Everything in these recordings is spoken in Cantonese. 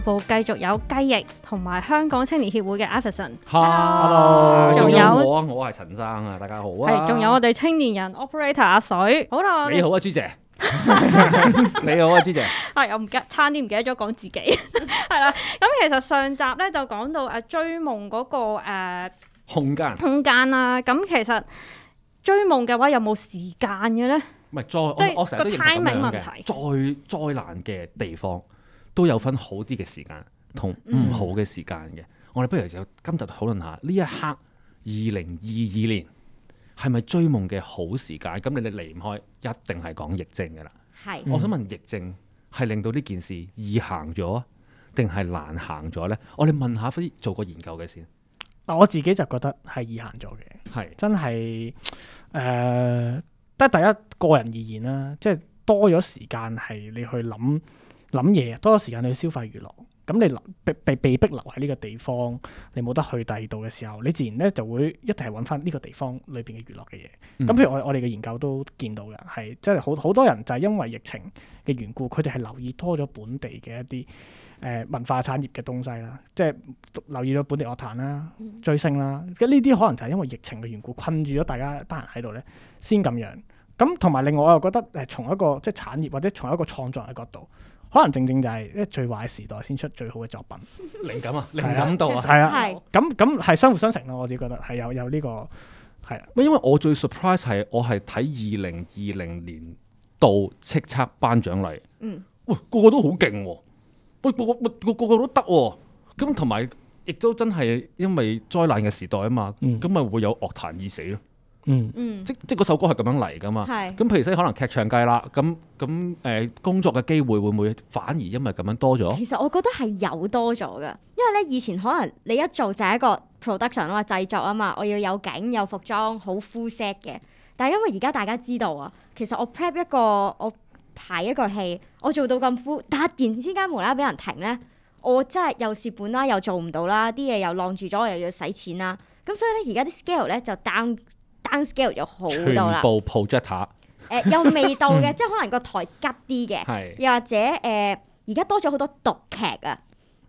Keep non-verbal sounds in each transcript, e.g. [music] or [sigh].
繼續有雞翼同埋香港青年協會嘅 Iverson，Hello，仲有我，我係陳生啊，大家好啊，係仲有我哋青年人 Operator 阿水，好啦，你好啊朱姐，你好啊朱姐，係我唔記得差啲唔記得咗講自己，係啦，咁其實上集咧就講到誒追夢嗰個誒空間空間啦，咁其實追夢嘅話有冇時間嘅咧？唔係再即係個 timing 問題，災難嘅地方。都有分好啲嘅時間同唔好嘅時間嘅，嗯、我哋不如就今集討論下呢一刻二零二二年係咪追夢嘅好時間？咁你哋離唔開，一定係講疫症嘅啦。係是，我想問、嗯、疫症係令到呢件事易行咗，定係難行咗呢？我哋問下非做個研究嘅先。我自己就覺得係易行咗嘅，係是真係誒，得、呃、第一個人而言啦，即、就、係、是、多咗時間係你去諗。諗嘢，多咗時間去消費娛樂。咁你被留被被被逼留喺呢個地方，你冇得去第二度嘅時候，你自然咧就會一定係揾翻呢個地方裏邊嘅娛樂嘅嘢。咁、嗯、譬如我我哋嘅研究都見到嘅係，即係好好多人就係因為疫情嘅緣故，佢哋係留意多咗本地嘅一啲誒文化產業嘅東西啦，即係留意咗本地樂壇啦、追星啦。咁呢啲可能就係因為疫情嘅緣故困住咗大家得閒喺度咧，先咁樣。咁同埋另外我又覺得誒，從一個即係產業或者從一個創作嘅角度。可能正正就係，即係最壞時代先出最好嘅作品，靈感啊，靈感度啊，係 [laughs] 啊，咁咁係相輔相成咯。我自己覺得係有有呢、這個係啊。唔因為我最 surprise 係我係睇二零二零年度叱咤頒獎禮，嗯、哎，哇個都、啊、個，個都好勁、啊，喂個個個個個都得，咁同埋亦都真係因為災難嘅時代啊嘛，咁咪會有樂壇已死咯、啊。嗯嗯，即即嗰首歌係咁樣嚟噶嘛？係是。咁譬如可能劇場界啦，咁咁誒工作嘅機會會唔會反而因為咁樣多咗？其實我覺得係有多咗噶，因為咧以前可能你一做就係一個 production 啊製作啊嘛，我要有景有服裝好 full set 嘅。但係因為而家大家知道啊，其實我 prep 一個我排一個戲，我做到咁 full，然突然之間無啦啦俾人停咧，我真係又蝕本啦，又做唔到啦，啲嘢又浪住咗，又要使錢啦。咁所以咧而家啲 scale 咧就 down。u n c a l e d 好多啦，部 project、er，誒、呃，有味道嘅， [laughs] 嗯、即係可能個台吉啲嘅，又是或者誒，而、呃、家多咗好多獨劇啊，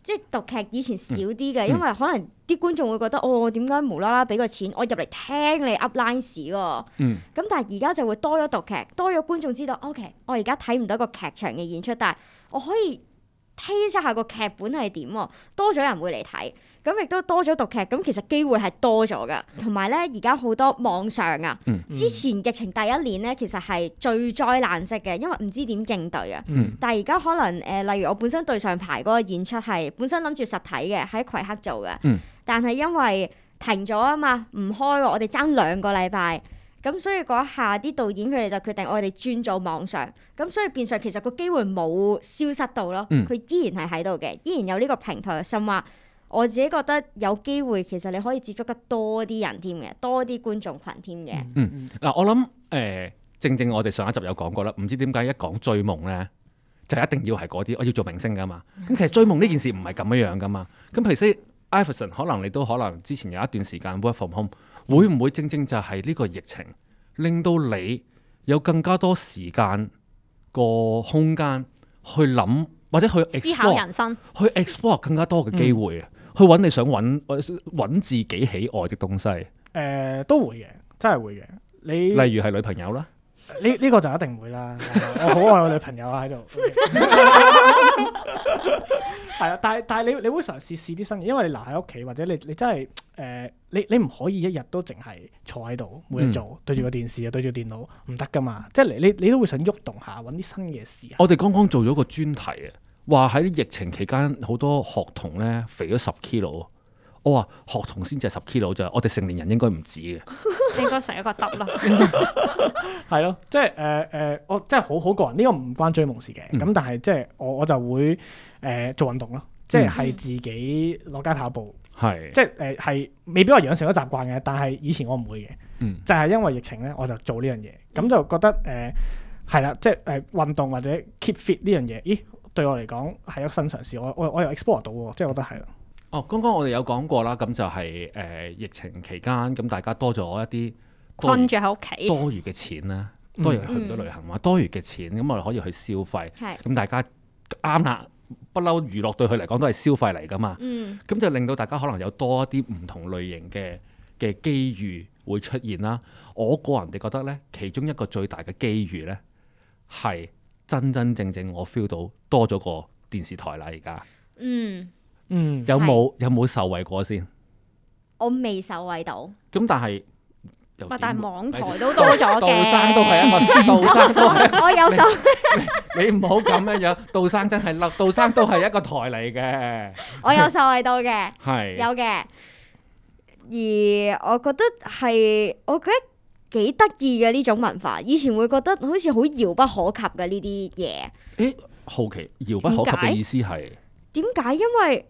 即係獨劇以前少啲嘅，嗯、因為可能啲觀眾會覺得，嗯、哦，點解無啦啦俾個錢，我入嚟聽你 uplines 喎、哦，嗯，咁但係而家就會多咗獨劇，多咗觀眾知道、嗯、OK，我而家睇唔到個劇場嘅演出，但係我可以。聽一下個劇本係點，多咗人會嚟睇，咁亦都多咗讀劇，咁其實機會係多咗噶。同埋咧，而家好多網上啊，嗯嗯、之前疫情第一年咧，其實係最災難式嘅，因為唔知點應對啊。嗯、但係而家可能誒、呃，例如我本身對上排嗰個演出係本身諗住實體嘅，喺葵黑做嘅，嗯、但係因為停咗啊嘛，唔開我哋爭兩個禮拜。咁所以嗰下啲導演佢哋就決定，我哋轉做網上。咁所以變相其實個機會冇消失到咯，佢，嗯、依然係喺度嘅，依然有呢個平台。甚至話我自己覺得有機會，其實你可以接觸得多啲人添嘅，多啲觀眾群添嘅，嗯。嗯、嗱、嗯嗯，我諗誒、呃，正正我哋上一集有講過啦，唔知點解一講追夢咧，就一定要係嗰啲我要做明星噶嘛。咁、嗯、其實追夢呢件事唔係咁樣樣噶嘛。咁其實 Iverson 可能你都可能之前有一段時間 work from home 會唔會正正就係呢個疫情，令到你有更加多時間個空間去諗，或者去 explore，思考人生，去 explore 更加多嘅機會，嗯、去揾你想揾揾自己喜愛的東西。誒、呃，都會嘅，真係會嘅。你例如係女朋友啦。呢呢、這個就一定會啦！ [laughs] 我好愛我女朋友啊喺度，係、okay? 啊！ [laughs] [laughs] 但係但係你你會嘗試試啲新嘢，因為你留喺屋企或者你你真係誒、呃，你你唔可以一日都淨係坐喺度每日做，嗯、對住個電視啊，對住電腦唔得噶嘛！即係你你你都會想喐動，動下，揾啲新嘢試。我哋剛剛做咗個專題啊，話喺疫情期間好多學童咧肥咗十 kilo。我話、哦、學童先至係十 kilo 啫，我哋成年人應該唔止嘅， [laughs] 應該成一個得咯，係、就、咯、是呃，即係誒誒，我即係好好個人，呢、這個唔關追夢事嘅，咁但係、嗯、即係我我就會誒、呃、做運動咯，即係自己落、呃、街跑步，係、嗯，即係誒係，未必話養成咗習慣嘅，但係以前我唔會嘅，嗯、就係因為疫情咧，我就做呢樣嘢，咁就覺得誒係啦，即係誒運動或者 keep fit 呢樣嘢，咦對我嚟講係一個新嘗試，我我我又 explore 到，即係我覺得係。哦，剛剛我哋有講過啦，咁就係、是、誒、呃、疫情期間，咁大家多咗一啲困住喺屋企，多餘嘅錢啦，多餘去唔、嗯、到旅行嘛，嗯、多餘嘅錢咁我哋可以去消費，咁是大家啱啦，不嬲娛樂對佢嚟講都係消費嚟㗎嘛，咁、嗯、就令到大家可能有多一啲唔同類型嘅嘅機遇會出現啦。我個人哋覺得呢，其中一個最大嘅機遇呢，係真真正正，正，正我 feel 到多咗個電視台啦而家，嗯。嗯，有冇有冇受惠過先？我未受惠到。咁但係，唔係但係網台都多咗嘅。杜生都係一個問題。杜生都係。我有受。你唔好咁樣樣，杜生真係，杜生都係一個台嚟嘅。我有受惠到嘅，係有嘅。而我覺得係，我覺得幾得意嘅呢種文化。以前會覺得好似好遙不可及嘅呢啲嘢。誒，好奇遙不可及嘅意思係點解？因為。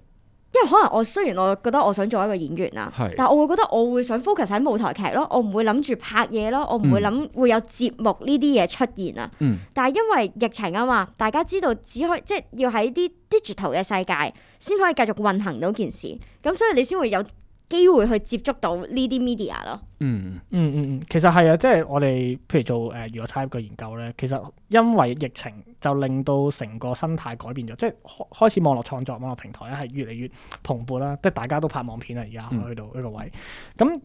因為可能我雖然我覺得我想做一個演員啊，是但我會覺得我會想 focus 喺舞台劇咯，我唔會諗住拍嘢咯，我唔會諗會有節目呢啲嘢出現啊。嗯。但係因為疫情啊嘛，大家知道只可以即係要喺啲 digital 嘅世界先可以繼續運行到件事，咁所以你先會有。機會去接觸到呢啲 media 咯嗯，嗯嗯嗯嗯，其實係啊，即係我哋譬如做誒娛樂 type 嘅研究咧，其實因為疫情就令到成個生態改變咗，即係開始網絡創作網絡平台咧係越嚟越蓬勃啦，即係大家都拍網片啦，而家、嗯、去到呢個位，咁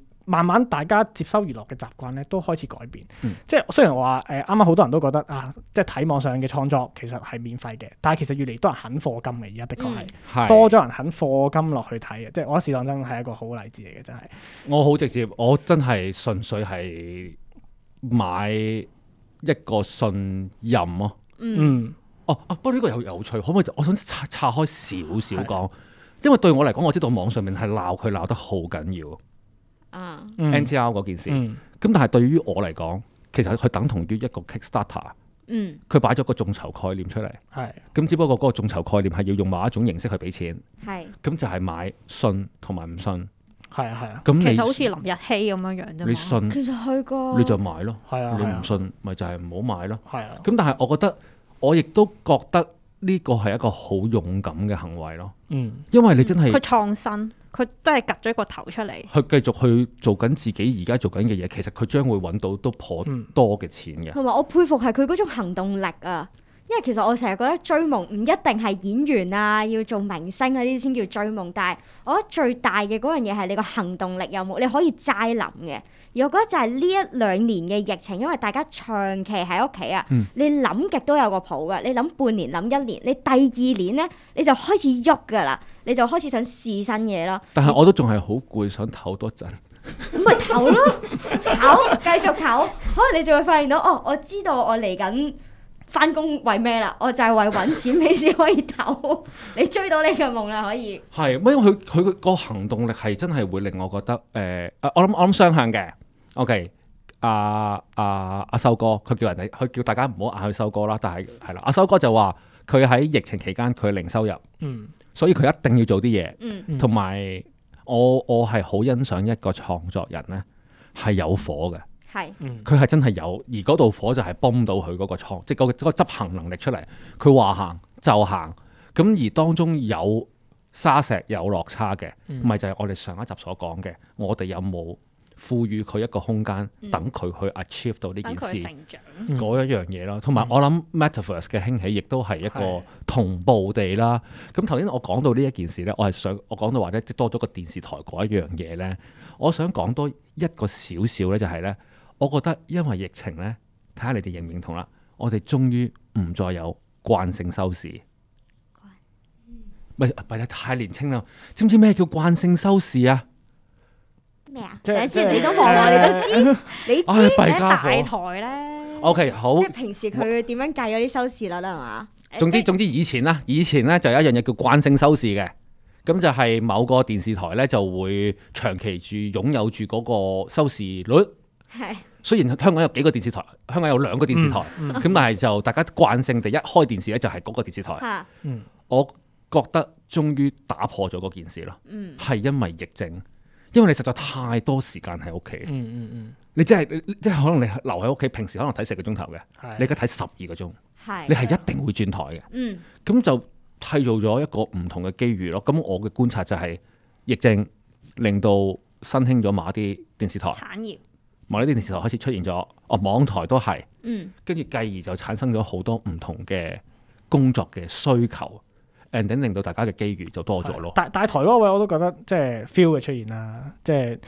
而。慢慢大家接收娛樂嘅習慣咧，都開始改變。嗯、即係雖然話誒，啱啱好多人都覺得啊，即係睇網上嘅創作其實係免費嘅，但係其實越嚟越多人肯課金嘅，而家的確係、嗯、多咗人肯課金落去睇嘅。即係我覺得試當真係一個好例子嚟嘅，真係。我好直接，我真係純粹係買一個信任咯、啊。嗯。哦、嗯啊，啊，不過呢個又有趣，可唔可以？我想拆開少少講，嗯、因為對我嚟講，我知道網上面係鬧佢鬧得好緊要。啊！NTR 嗰件事，咁但係對於我嚟講，其實佢等同於一個 Kickstarter，嗯，佢擺咗個眾籌概念出嚟，係，咁只不過嗰個眾籌概念係要用某一種形式去俾錢，係，咁就係買信同埋唔信，係啊係啊，咁其實好似林日曦咁樣樣你信，其實去過，你就買咯，係啊，你唔信咪就係唔好買咯，係啊，咁但係我覺得我亦都覺得呢個係一個好勇敢嘅行為咯，嗯，因為你真係佢創新。佢都係擱咗一個頭出嚟，佢繼續去做緊自己而家做緊嘅嘢，其實佢將會揾到都頗多嘅錢嘅。同埋、嗯、我佩服係佢嗰種行動力啊！因為其實我成日覺得追夢唔一定係演員啊，要做明星啊，呢啲先叫追夢。但係我覺得最大嘅嗰樣嘢係你個行動力有冇？你可以齋諗嘅。而我覺得就係呢一兩年嘅疫情，因為大家長期喺屋企啊，嗯、你諗極都有個譜噶。你諗半年，諗一年，你第二年咧，你就開始喐噶啦，你就開始想試新嘢咯。但係我都仲係好攰，你想唞多陣。咁咪唞咯，唞繼、 [laughs] 哦、續唞。 [laughs] 可能你就會發現到，哦，我知道我嚟緊。翻工為咩啦？我就係為搵錢，你先可以投。你追到你嘅夢啦，可以。係，因為佢佢個行動力係真係會令我覺得誒、呃，我諗我諗雙向嘅。O K，阿阿阿修哥，佢叫人哋，佢叫大家唔好嗌佢修哥啦。但係係啦，阿修、啊、哥就話佢喺疫情期間佢零收入，嗯，所以佢一定要做啲嘢、嗯，嗯，同埋我我係好欣賞一個創作人咧，係有火嘅。係，佢係真係有，而嗰度火就係崩到佢嗰個創，即係嗰個執行能力出嚟。佢話行就行，咁而當中有沙石有落差嘅，咪、嗯、就係我哋上一集所講嘅。我哋有冇賦予佢一個空間，等佢去 achieve 到呢件事嗰、嗯、一樣嘢咯。同埋我諗 Metaverse 嘅興起，亦都係一個同步地啦。咁頭先我講到呢一件事咧，我係想我講到話咧，即多咗個電視台嗰一樣嘢咧。我想講多一個少少咧，就係咧。我覺得因為疫情咧，睇下你哋認唔認同啦。我哋終於唔再有慣性收視，咪弊你太年青啦！知唔知咩叫慣性收視啊？咩啊？梁 Sir，你都望，你都知，你知咧大台咧。OK，好，即係平時佢點樣計嗰啲收視率啦嘛？我吧總之總之以前啦，以前咧就有一樣嘢叫慣性收視嘅，咁就係某個電視台咧就會長期住擁有住嗰個收視率。係。雖然香港有幾個電視台，香港有兩個電視台，咁、嗯嗯、但係就大家慣性地一開電視咧就係嗰個電視台。啊、我覺得終於打破咗嗰件事咯。嗯，係因為疫症，因為你實在太多時間喺屋企。嗯嗯嗯、你即係即係可能你留喺屋企，平時可能睇四個鐘頭嘅，是你而家睇十二個鐘。是你係一定會轉台嘅。以嗯。咁就締造咗一個唔同嘅機遇咯。咁我嘅觀察就係疫症令到新興咗某啲電視台產業。某啲電視台開始出現咗。哦，網台都係，跟住繼而就產生咗好多唔同嘅工作嘅需求，and then 令到大家嘅機遇就多咗咯。但但係台嗰位我都覺得即係 feel 嘅出現啦，即係。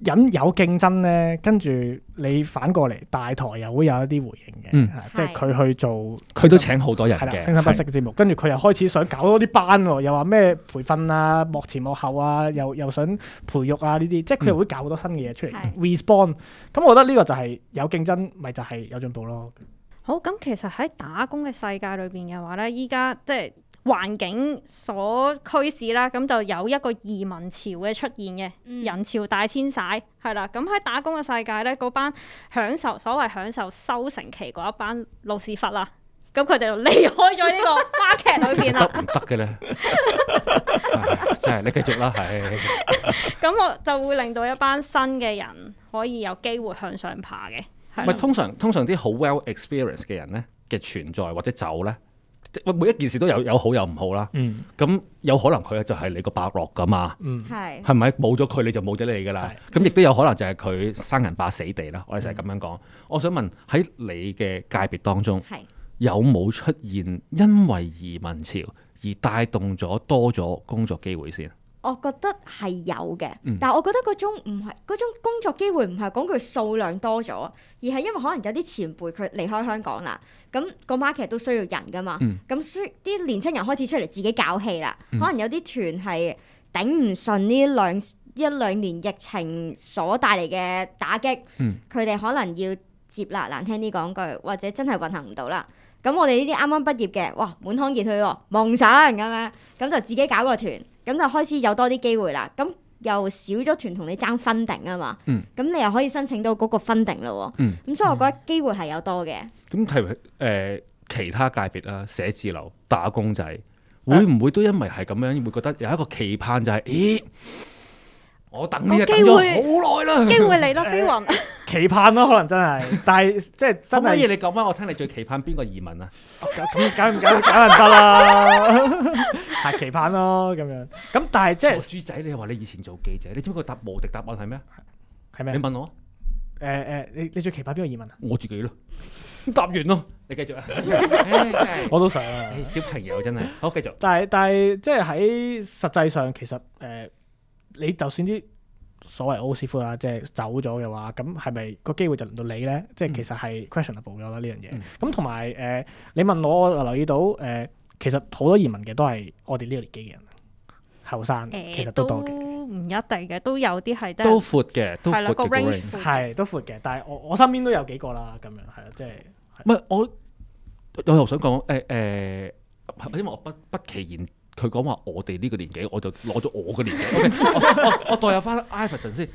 人有競爭咧，跟住你反過嚟大台又會有一啲回應嘅，嗯、即係佢去做，佢都請好多人嘅，清新不息嘅節目。跟住佢又開始想搞多啲班喎，又話咩培訓啊、幕前幕後啊，又又想培育啊呢啲，即係佢又會搞好多新嘅嘢出嚟。Respond，咁我覺得呢個就係有競爭，咪就係、是、有進步咯。好，咁其實喺打工嘅世界裏邊嘅話咧，依家即係。環境所驅使啦，咁就有一個移民潮嘅出現嘅，嗯、人潮大遷徙，係啦。咁喺打工嘅世界呢，嗰班享受所謂享受收成期嗰一班老屎忽啦，咁佢哋就離開咗呢個 market 裏邊啦。得唔得嘅咧？真係，你繼續啦，係。咁 [laughs] 我就會令到一班新嘅人可以有機會向上爬嘅。係通常通常啲好 well experienced 嘅人呢嘅存在或者走呢？每一件事都有有好有唔好啦，咁、嗯、有可能佢就係你個伯樂噶嘛，係、嗯，係咪冇咗佢你就冇咗你噶啦？咁亦都有可能就係佢生人霸死地啦。我哋成日咁樣講，嗯、我想問喺你嘅界別當中，嗯、有冇出現因為移民潮而帶動咗多咗工作機會先？我覺得係有嘅，嗯、但係我覺得嗰種唔係嗰種工作機會唔係講佢數量多咗，而係因為可能有啲前輩佢離開香港啦，咁個 market 都需要人㗎嘛。咁需啲年青人開始出嚟自己搞戲啦。嗯、可能有啲團係頂唔順呢兩一兩年疫情所帶嚟嘅打擊，佢哋、嗯、可能要接啦，難聽啲講句，或者真係運行唔到啦。咁我哋呢啲啱啱畢業嘅，哇，滿腔熱血喎，夢想咁樣，咁就自己搞個團。咁就開始有多啲機會啦，咁又少咗團同你爭分定啊嘛，咁、嗯、你又可以申請到嗰個分定咯，咁、嗯、所以我覺得機會係有多嘅。咁譬如誒其他界別啦，寫字樓打工仔會唔會都因為係咁樣、啊、會覺得有一個期盼就係、是，咦？我等機會好耐啦，機會嚟咯飛雲，期盼咯，可能真係，但係即係。可唔可以你講翻我聽？你最期盼邊個移民啊？咁揀唔揀，揀唔得啦，係期盼咯咁樣。咁但係即係做豬仔，你話你以前做記者，你知唔知佢答無敵答案係咩？係咩？你問我。誒誒，你你最期盼邊個移民啊？我自己咯。答完咯，你繼續啊。我都想。小朋友真係好繼續。但係但係即係喺實際上，其實誒。你就算啲所謂歐師傅啦，即係走咗嘅話，咁係咪個機會就輪到你咧？即係、嗯、其實係 questionable 咗啦呢、嗯、樣嘢。咁同埋誒，你問我，我留意到誒、呃，其實好多移民嘅都係我哋呢個年紀嘅人，後生其實都多嘅。唔、欸、一定嘅，都有啲係、就是、都闊嘅，係啦個 range 係都闊嘅。但係我我身邊都有幾個啦，咁樣係啦，即係唔係我我又想講誒誒，因為我不不期然。佢講話我哋呢個年紀，我就攞咗我嘅年紀 [laughs] okay, 我我。我代入翻 Iverson 先，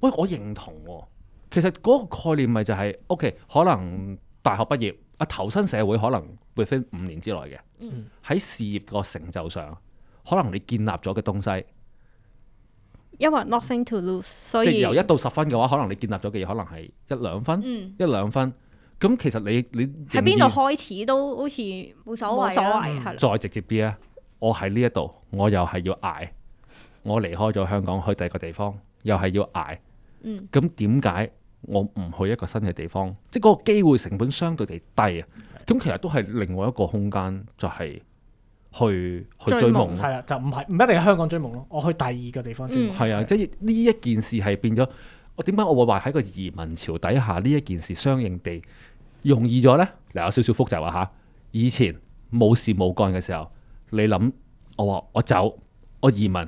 喂，我認同，哦。其實嗰個概念咪就係、是，OK，可能大學畢業啊，投身社會，可能 b a 五年之內嘅。喺事業個成就上，可能你建立咗嘅東西，因為 nothing to lose，所以即由一到十分嘅話，可能你建立咗嘅嘢，可能係一兩分，一兩、嗯、分。咁其實你你喺邊度開始都好似冇所謂，啊，冇所謂，係、嗯、再直接啲咧。我喺呢一度，我又係要捱。我離開咗香港去第二個地方，又係要捱。咁點解我唔去一個新嘅地方？即係嗰個機會成本相對地低啊。咁的其實都係另外一個空間夢夢，就係去去追夢係啦。就唔係唔一定係香港追夢咯。我去第二個地方追夢係啊。即係呢一件事係變咗。我點解我會話喺個移民潮底下呢一件事相應地容易咗呢？嗱，有少少複雜啊。吓，以前冇事冇幹嘅時候。你諗，我話我走，我移民，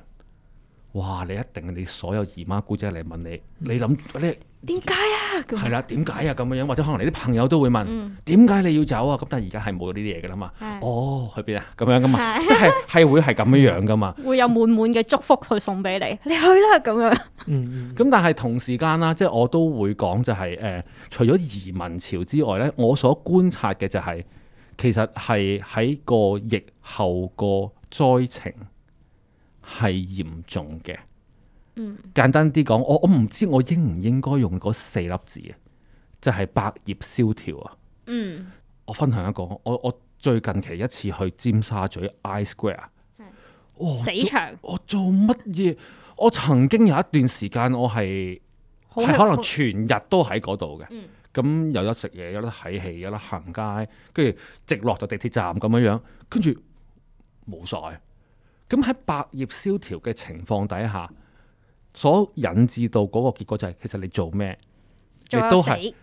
哇！你一定你所有姨媽姑姐嚟問你，你諗你點解啊？係啦，點解啊咁樣樣，或者可能你啲朋友都會問，點解、嗯、你要走啊？咁但係而家係冇呢啲嘢噶啦嘛，是哦去邊啊？咁樣噶嘛，即係係 [laughs] 會係咁樣樣噶嘛，會有滿滿嘅祝福去送俾你，你去啦咁樣。嗯，咁 [laughs] 但係同時間啦，即係我都會講就係、是、誒，除咗移民潮之外咧，我所觀察嘅就係、是，其實係喺個疫。後果災情係嚴重嘅。嗯，簡單啲講，我我唔知我應唔應該用嗰四粒字啊，即係、是、百業蕭條啊。嗯，我分享一個，我我最近期一次去尖沙咀 I Square，是做死場，我做乜嘢？我曾經有一段時間，我係係濟可能全日都喺嗰度嘅。咁有得食嘢，有得睇戲，有得行街，跟住直落到地鐵站咁樣樣，跟住。冇所謂，咁喺百業蕭條嘅情況底下，所引致到嗰個結果就係、是，其實你做咩，你都係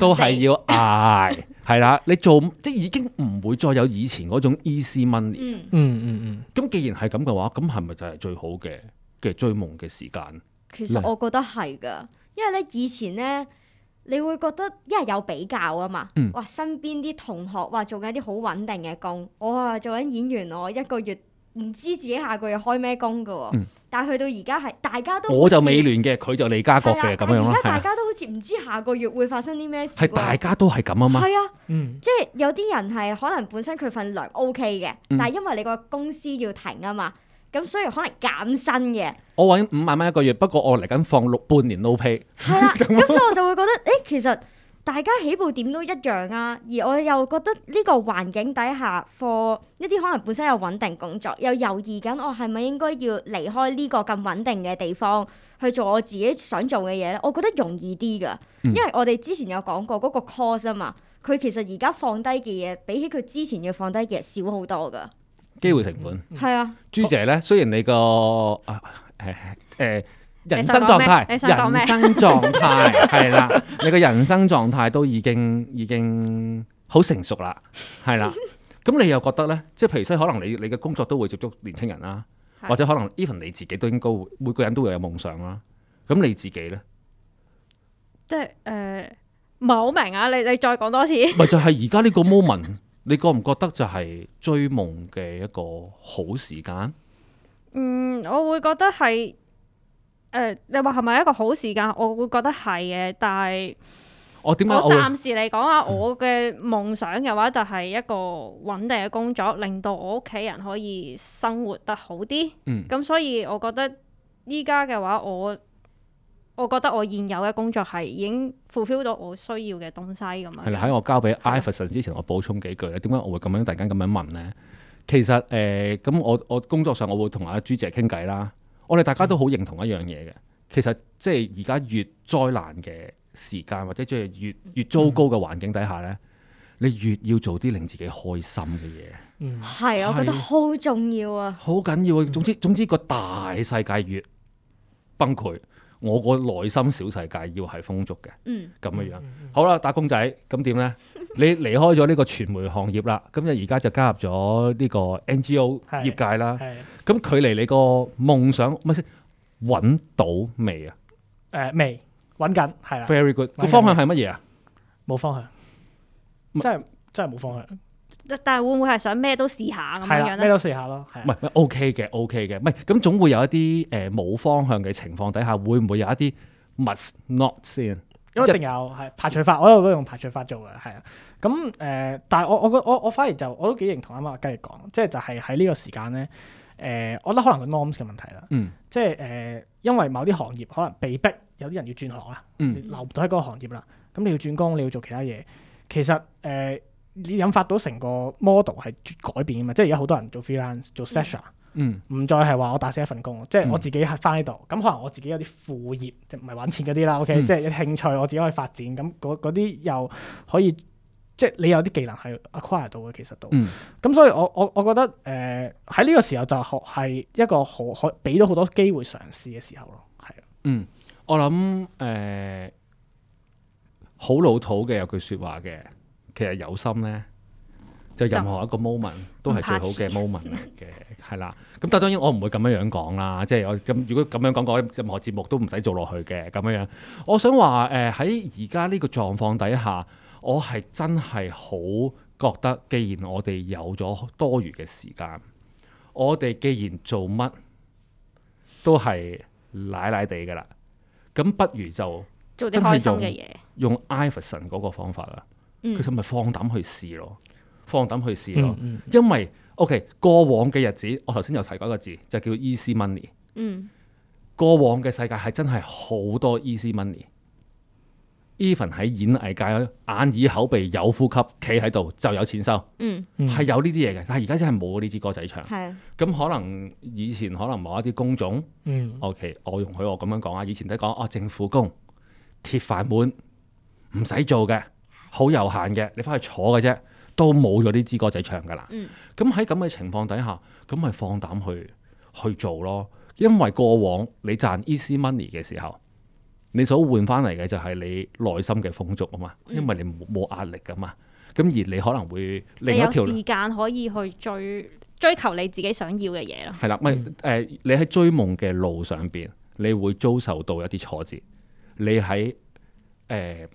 都係要挨，係啦， [laughs] 你做即係已經唔會再有以前嗰種 easy money，嗯嗯嗯嗯，咁既然係咁嘅話，咁係咪就係最好嘅嘅追夢嘅時間？其實我覺得係噶，的因為咧以前咧。你會覺得因為有比較啊嘛，嗯、哇身邊啲同學做哇做緊一啲好穩定嘅工，我啊做緊演員，我一個月唔知自己下個月開咩工噶，嗯、但係去到而家係大家都我就美聯嘅，佢就李家國嘅咁樣咯，而家大家都好似唔知下個月會發生啲咩事，係的的大家都係咁啊嘛，係啊的，嗯、即係有啲人係可能本身佢份糧 O K 嘅，嗯、但係因為你個公司要停啊嘛。咁所以可能減薪嘅，我揾五萬蚊一個月，不過我嚟緊放六半年 no pay 了。係啦，咁所以我就會覺得，誒、欸，其實大家起步點都一樣啊。而我又覺得呢個環境底下，for 一啲可能本身有穩定工作，又猶豫緊，我係咪應該要離開呢個咁穩定嘅地方去做我自己想做嘅嘢咧？我覺得容易啲噶，嗯、因為我哋之前有講過嗰個 course 啊嘛，佢其實而家放低嘅嘢，比起佢之前要放低嘅嘢少好多噶。機會成本係啊，朱姐咧，雖然你個誒誒人生狀態，人生狀態係啦，你嘅人生狀態 [laughs] 都已經已經好成熟啦，係啦，咁 [laughs] 你又覺得咧，即係，譬如說可能你你嘅工作都會接觸年輕人啦，的或者可能 even 你自己都應該會，每個人都會有夢想啦，咁你自己咧，即係誒，唔係好明啊，你你再講多次，咪 [laughs] 就係而家呢個 moment。你覺唔覺得就係追夢嘅一個好時間？嗯，我會覺得係，誒、呃，你話係咪一個好時間？我會覺得係嘅，但係、哦、我暫時嚟講下我嘅會……夢想嘅話就係一個穩定嘅工作，嗯、令到我屋企人可以生活得好啲。嗯，咁所以我覺得依家嘅話我。我覺得我現有嘅工作係已經 fulfill 到我需要嘅東西咁樣。係啦，喺我交俾 Iverson 之前，的我補充幾句咧。點解我會咁樣突然間咁樣問咧？其實誒，咁、呃、我我工作上我會同阿朱姐傾偈啦。我哋大家都好認同一樣嘢嘅。其實即係而家越災難嘅時間或者即係越越糟糕嘅環境底下咧，嗯、你越要做啲令自己開心嘅嘢。嗯，係，我覺得好重要啊。好緊要啊。總之總之，個大世界越崩潰，我個內心小世界要係豐足嘅，咁、嗯、樣樣、嗯嗯、好啦，打工仔咁點咧？呢 [laughs] 你離開咗呢個傳媒行業啦，咁就而家就加入咗呢個 NGO 業界啦。咁距離你個夢想，唔係揾到未啊？誒未揾緊，係啦。Very good。個緊方向係乜嘢啊？冇方向，真係是真係冇方向。但係會唔會係想咩都試下咁樣咧？咩都試下咯，係唔係？OK 嘅，OK 嘅，唔係咁總會有一啲誒冇方向嘅情況底下，會唔會有一啲 must not 先？因為一定有係排除法，我都有用排除法做嘅，係啊。咁誒、呃，但係我我我我，我，我反而就我都幾認同啊嘛，繼續講，即係就係喺呢個時間咧，誒、呃，我覺得可能個 norm 嘅問題啦，嗯、即係誒、呃，因為某啲行業可能被逼有啲人要轉行啦，嗯、留唔到喺嗰個行業啦，咁你要轉工，你要做其他嘢，其實誒。呃你引發到成個 model 係改變嘅嘛？即係而家好多人做 freelance 做 session，嗯、唔再係話我打死一份工，嗯、即係我自己係翻呢度。咁可能我自己有啲副業，okay？嗯、即唔係揾錢嗰啲啦。OK，即係有興趣我自己可以發展。咁嗰啲又可以，即係你有啲技能係 acquire 到嘅，其實都。咁、嗯、所以我我我覺得誒喺呢個時候就係學係一個好可俾到好多機會嘗試嘅時候咯。係啊，嗯，我諗誒好老土嘅有句説話嘅。其實有心咧，就任何一個 moment 都係最好嘅 moment 嚟嘅，係啦。 [laughs] 咁但係當然我唔會咁樣樣講啦，即係我咁如果咁樣講，講任何節目都唔使做落去嘅咁樣樣。我想話誒喺而家呢個狀況底下，我係真係好覺得，既然我哋有咗多餘嘅時間，我哋既然做乜都係奶奶地嘅啦，咁不如就真係用，做啲開心嘅嘢，用 Iverson 嗰個方法啦。佢就咪放膽去試咯，放膽去試咯，嗯嗯、因為 OK 過往嘅日子，我頭先又提過一個字，就叫 easy money、嗯。過往嘅世界係真係好多 easy money。Even 喺演藝界，眼耳口鼻有呼吸，企喺度就有錢收，係、嗯、有呢啲嘢嘅。但係而家真係冇呢支歌仔唱。咁、嗯、可能以前可能某一啲工種、嗯、，OK，我容許我咁樣講啊。以前都講哦，政府工鐵飯碗唔使做嘅。好有限嘅，你翻去坐嘅啫，都冇咗呢支歌仔唱噶啦。咁喺咁嘅情況底下，咁咪放膽去去做咯。因為過往你賺 easy money 嘅時候，你所換翻嚟嘅就係你內心嘅豐足啊嘛。因為你冇壓力噶嘛。咁、嗯、而你可能會另一條有時間可以去追追求你自己想要嘅嘢咯。係啦、嗯，咪誒、呃、你喺追夢嘅路上邊，你會遭受到一啲挫折。你喺誒。呃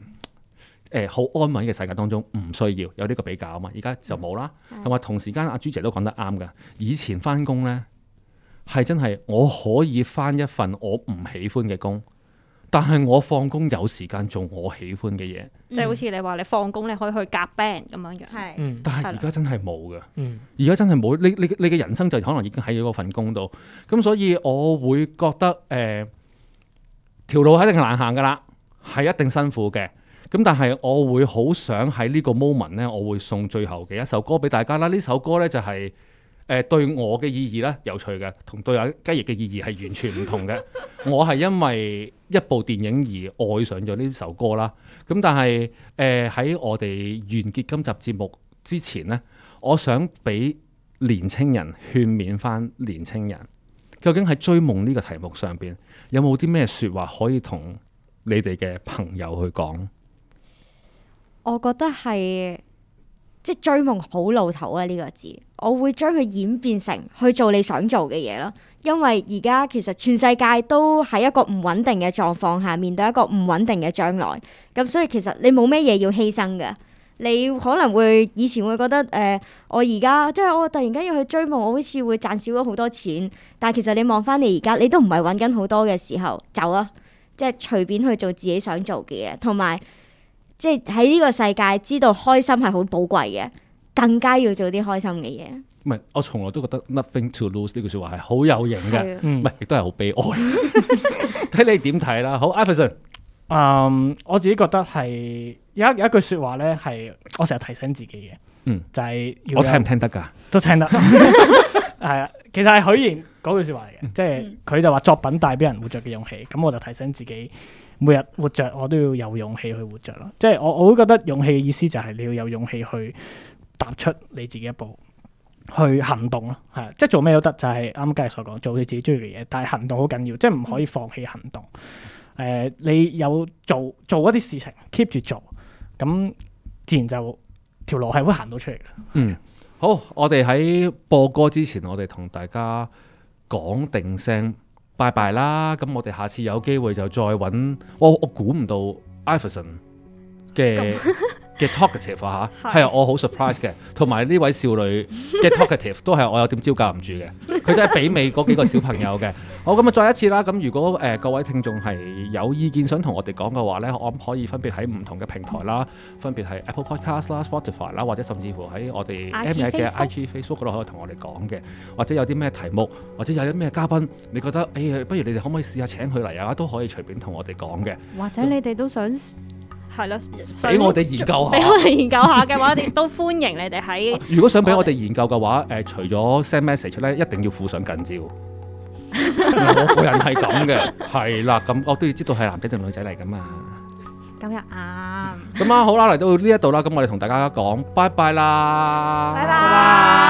誒好、呃、安穩嘅世界當中，唔需要有呢個比較啊嘛！而家就冇啦，同埋、嗯、同時間，阿朱姐，姐都講得啱㗎。以前翻工咧，係真係我可以翻一份我唔喜歡嘅工，但係我放工有時間做我喜歡嘅嘢，即係好似你話你放工你可以去夾 band 咁樣樣。係、嗯，但係而家真係冇㗎。而家、嗯、真係冇你你你嘅人生就可能已經喺咗嗰份工度。咁所以我會覺得誒、呃、條路肯一定難行噶啦，係一定辛苦嘅。咁但係我會好想喺呢個 moment 呢我會送最後嘅一首歌俾大家啦。呢首歌呢、就係，就係誒對我嘅意義呢，有趣嘅，同對阿雞翼嘅意義係完全唔同嘅。 [laughs] 我係因為一部電影而愛上咗呢首歌啦。咁但係誒喺我哋完結今集節目之前呢，我想俾年青人勸勉翻年青人，究竟喺追夢呢、呢個題目上邊有冇啲咩説話可以同你哋嘅朋友去講？我覺得係即係追夢好老土啊！呢、這個字，我會將佢演變成去做你想做嘅嘢咯。因為而家其實全世界都喺一個唔穩定嘅狀況下，面對一個唔穩定嘅將來。咁所以其實你冇咩嘢要犧牲㗎。你可能會以前會覺得誒、呃，我而家即係我突然間要去追夢，我好似會賺少咗好多錢。但係其實你望翻你而家，你都唔係揾緊好多嘅時候，走啊！即係隨便去做自己想做嘅嘢，同埋。即係喺呢個世界，知道開心係好寶貴嘅，更加要做啲開心嘅嘢。唔係，我從來都覺得 nothing to lose 呢句說話係好有型嘅？唔係亦都係好悲哀？睇 [laughs] 你點睇啦。好，Iverson，嗯，我自己覺得係有一有一句說話咧，係我成日提醒自己嘅。嗯，就係我聽唔聽得噶？都聽得。係啊，其實係許賢嗰句話，嗯、說話嚟嘅，即係佢就話作品帶俾人活着嘅勇氣。咁我就提醒自己。每日活着，我都要有勇氣去活着咯。即係我，我會覺得勇氣嘅意思就係你要有勇氣去踏出你自己一步，去行動咯。係，即係做咩都得，就係啱啱嘉瑩所講，做你自己中意嘅嘢。但係行動好緊要，即係唔可以放棄行動。誒、呃，你有做做一啲事情，keep 住做，咁自然就條路係會行到出嚟嘅。嗯，好，我哋喺播歌之前，我哋同大家講定聲。拜拜啦！咁我哋下次有機會就再揾我。我估唔到 Iverson 嘅。 [laughs] 嘅 talkative 吓，嚇，啊， [laughs] 我好 surprise 嘅，同埋呢位少女嘅 talkative 都係我有點招架唔住嘅，佢 [laughs] 真係媲美嗰幾個小朋友嘅。 [laughs] 好咁啊、嗯，再一次啦。咁如果誒、呃、各位聽眾係有意見想同我哋講嘅話咧，我可以分別喺唔同嘅平台啦，分別係 Apple Podcast 啦、Spotify 啦，或者甚至乎喺我哋 M21 嘅 IG、 [laughs] Facebook 度可以同我哋講嘅。或者有啲咩題目，或者有啲咩嘉賓，你覺得誒、哎、不如你哋可唔可以試下請佢嚟啊？都可以隨便同我哋講嘅。或者你哋都想。 [laughs] 係咯，俾我哋研究下。俾我哋研究下嘅話，我哋都歡迎你哋喺。如果想俾我哋研究嘅話，誒，除咗 send message 咧，一定要附上近照。我個人係咁嘅，係啦，咁我都要知道係男仔定女仔嚟㗎嘛。咁又啱。咁啊好啦，嚟到呢一度啦，咁我哋同大家講，拜拜啦。拜拜。